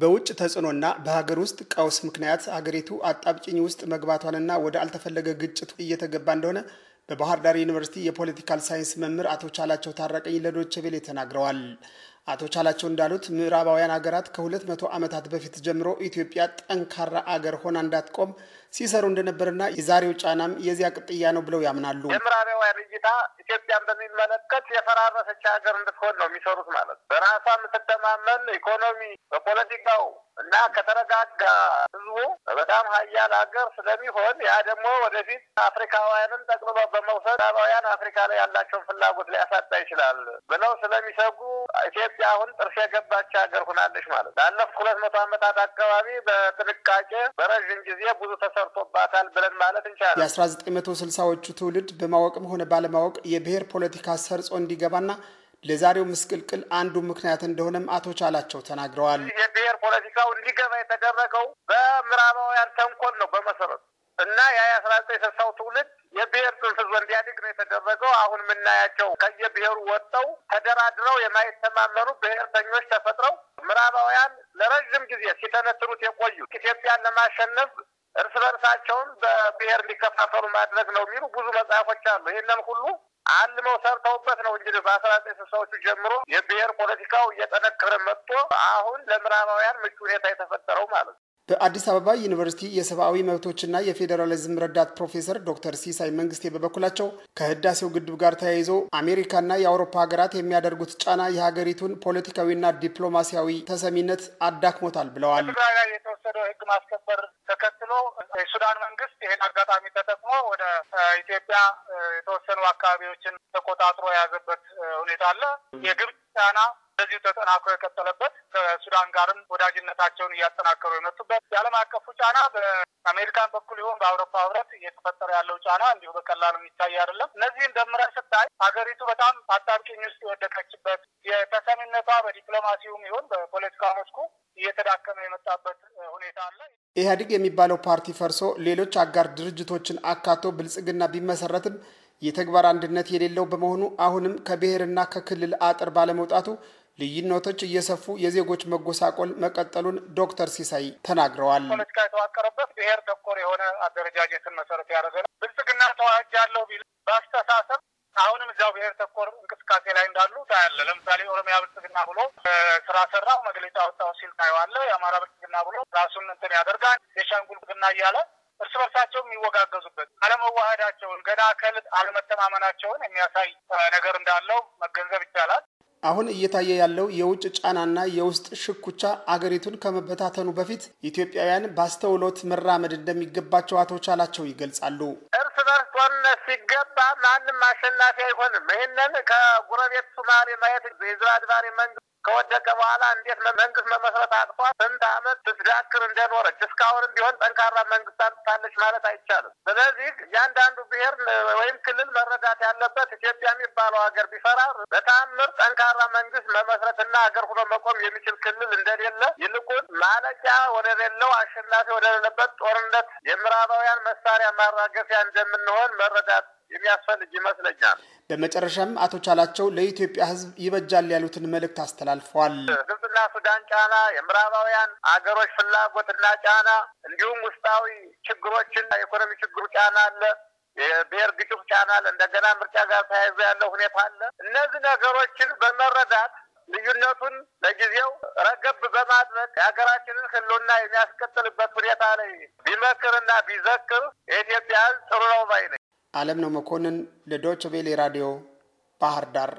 በውጭ ተጽዕኖና በሀገር ውስጥ ቀውስ ምክንያት አገሪቱ አጣብቂኝ ውስጥ መግባቷንና ወደ አልተፈለገ ግጭት እየተገባ እንደሆነ በባህር ዳር ዩኒቨርሲቲ የፖለቲካል ሳይንስ መምህር አቶ ቻላቸው ታራቀኝ ለዶቼ ቬለ ተናግረዋል። አቶ ቻላቸው እንዳሉት ምዕራባውያን ሀገራት ከሁለት መቶ ዓመታት በፊት ጀምሮ ኢትዮጵያ ጠንካራ አገር ሆና እንዳትቆም ሲሰሩ እንደነበርና የዛሬው ጫናም የዚያ ቅጥያ ነው ብለው ያምናሉ። የምዕራባውያን እይታ ኢትዮጵያን በሚመለከት የፈራረሰች ሀገር እንድትሆን ነው የሚሰሩት ማለት በራሷ የምትተማመን ኢኮኖሚ በፖለቲካው እና ከተረጋጋ ህዝቡ በጣም ሀያል ሀገር ስለሚሆን ያ ደግሞ ወደፊት አፍሪካውያንን ጠቅልሎ በመውሰድ ምዕራባውያን አፍሪካ ላይ ያላቸውን ፍላጎት ሊያሳጣ ይችላል ብለው ስለሚሰጉ ኢትዮጵያ አሁን ጥርስ የገባች ሀገር ሆናለች ማለት ላለፉት ሁለት መቶ ዓመታት አካባቢ በጥንቃቄ በረዥም ጊዜ ብዙ ተሰርቶባታል ብለን ማለት እንችላለን። የአስራ ዘጠኝ መቶ ስልሳዎቹ ትውልድ በማወቅም ሆነ ባለማወቅ የብሔር ፖለቲካ ሰርጾ እንዲገባና ለዛሬው ምስቅልቅል አንዱ ምክንያት እንደሆነም አቶ ቻላቸው ተናግረዋል። የብሔር ፖለቲካው እንዲገባ የተደረገው በምዕራባውያን ተንኮል ነው በመሰረቱ እና የአስራ ዘጠኝ ስልሳው ትውልድ የብሔር ጽንፍ እንዲያድግ ነው የተደረገው። አሁን የምናያቸው ከየብሔሩ ወጥተው ተደራድረው የማይተማመኑ ብሔርተኞች ተፈጥረው ምዕራባውያን ለረዥም ጊዜ ሲተነትኑት የቆዩ ኢትዮጵያን ለማሸነፍ እርስ በርሳቸውን በብሔር እንዲከፋፈሉ ማድረግ ነው የሚሉ ብዙ መጽሐፎች አሉ። ይህንን ሁሉ አልመው ሰርተውበት ነው እንግዲህ በአስራ ዘጠኝ ስልሳዎቹ ጀምሮ የብሔር ፖለቲካው እየጠነከረ መጥቶ አሁን ለምዕራባውያን ምቹ ሁኔታ የተፈጠረው ማለት ነው። በአዲስ አበባ ዩኒቨርሲቲ የሰብአዊ መብቶችና የፌዴራሊዝም ረዳት ፕሮፌሰር ዶክተር ሲሳይ መንግስቴ በበኩላቸው ከህዳሴው ግድብ ጋር ተያይዞ አሜሪካና የአውሮፓ ሀገራት የሚያደርጉት ጫና የሀገሪቱን ፖለቲካዊና ዲፕሎማሲያዊ ተሰሚነት አዳክሞታል ብለዋል። የተወሰደው ህግ ማስከበር ተከት ተከትሎ የሱዳን መንግስት ይሄን አጋጣሚ ተጠቅሞ ወደ ኢትዮጵያ የተወሰኑ አካባቢዎችን ተቆጣጥሮ የያዘበት ሁኔታ አለ። የግብጽ ጫና እንደዚሁ ተጠናክሮ የቀጠለበት ከሱዳን ጋርም ወዳጅነታቸውን እያጠናከሩ የመጡበት የዓለም አቀፉ ጫና በአሜሪካን በኩል ይሁን በአውሮፓ ህብረት እየተፈጠረ ያለው ጫና እንዲሁ በቀላሉ የሚታይ አይደለም። እነዚህን ደምረ ስታይ ሀገሪቱ በጣም አጣብቂኝ ውስጥ የወደቀችበት የተሰሚነቷ በዲፕሎማሲውም ይሁን በፖለቲካ መስኩ እየተዳከመ የመጣበት ሁኔታ አለ። ኢህአዴግ የሚባለው ፓርቲ ፈርሶ ሌሎች አጋር ድርጅቶችን አካቶ ብልጽግና ቢመሰረትም የተግባር አንድነት የሌለው በመሆኑ አሁንም ከብሔርና ከክልል አጥር ባለመውጣቱ ልዩነቶች እየሰፉ የዜጎች መጎሳቆል መቀጠሉን ዶክተር ሲሳይ ተናግረዋል። ፖለቲካ የተዋቀረበት ብሔር ተኮር የሆነ አደረጃጀትን መሰረት ያደረገ ነው። ብልጽግና ተዋጅ ያለው ቢል በአስተሳሰብ አሁንም እዚያው ብሔር ተኮር እንቅስቃሴ ላይ እንዳሉ ታያለ። ለምሳሌ ኦሮሚያ ብልጽግና ብሎ ስራ ሰራው መግለጫ ወጣው ሲል ታየዋለ። የአማራ ብልጽግና ብሎ ራሱን እንትን ያደርጋል። የሻንጉል ብልጽግና እያለ እርስ በርሳቸው የሚወጋገዙበት አለመዋሃዳቸውን፣ ገና ከልጥ አለመተማመናቸውን የሚያሳይ ነገር እንዳለው መገንዘብ ይቻላል። አሁን እየታየ ያለው የውጭ ጫናና የውስጥ ሽኩቻ አገሪቱን ከመበታተኑ በፊት ኢትዮጵያውያን በአስተውሎት መራመድ እንደሚገባቸው አቶ ቻላቸው ይገልጻሉ። እርስ በርስ ጦርነት ሲገባ ማንም አሸናፊ አይሆንም። ይህንን ከጉረቤት ሱማሌ ማየት የዝባድባሬ መንግስት ከወደቀ በኋላ እንዴት መንግስት መመስረት አጥፏ ስንት አመት ስትዳክር እንደኖረች እስካሁንም ቢሆን ጠንካራ መንግስት አምጥታለች ማለት አይቻልም። ስለዚህ እያንዳንዱ ብሔር ወይም ክልል መረዳት ያለበት ኢትዮጵያ የሚባለው ሀገር ቢፈራር በተአምር ጠንካራ መንግስት መመስረትና ሀገር ሆኖ መቆም የሚችል ክልል እንደሌለ ይልቁን ማለቂያ ወደሌለው አሸናፊ ወደሌለበት ጦርነት የምዕራባውያን መሳሪያ ማራገፊያ እንደምንሆን መረዳት የሚያስፈልግ ይመስለኛል። በመጨረሻም አቶ ቻላቸው ለኢትዮጵያ ሕዝብ ይበጃል ያሉትን መልእክት አስተላልፈዋል። ግብጽና ሱዳን ጫና፣ የምዕራባውያን አገሮች ፍላጎትና ጫና እንዲሁም ውስጣዊ ችግሮችን የኢኮኖሚ ችግሩ ጫና አለ የብሔር ግጭቱ ጫና አለ። እንደገና ምርጫ ጋር ተያይዞ ያለው ሁኔታ አለ። እነዚህ ነገሮችን በመረዳት ልዩነቱን ለጊዜው ረገብ በማድረግ የሀገራችንን ህልውና የሚያስቀጥልበት ሁኔታ ላይ ቢመክርና ቢዘክር የኢትዮጵያ ጥሩ ነው ባይ ነኝ። አለም ነው መኮንን ለዶችቬሌ ራዲዮ ባህር ዳር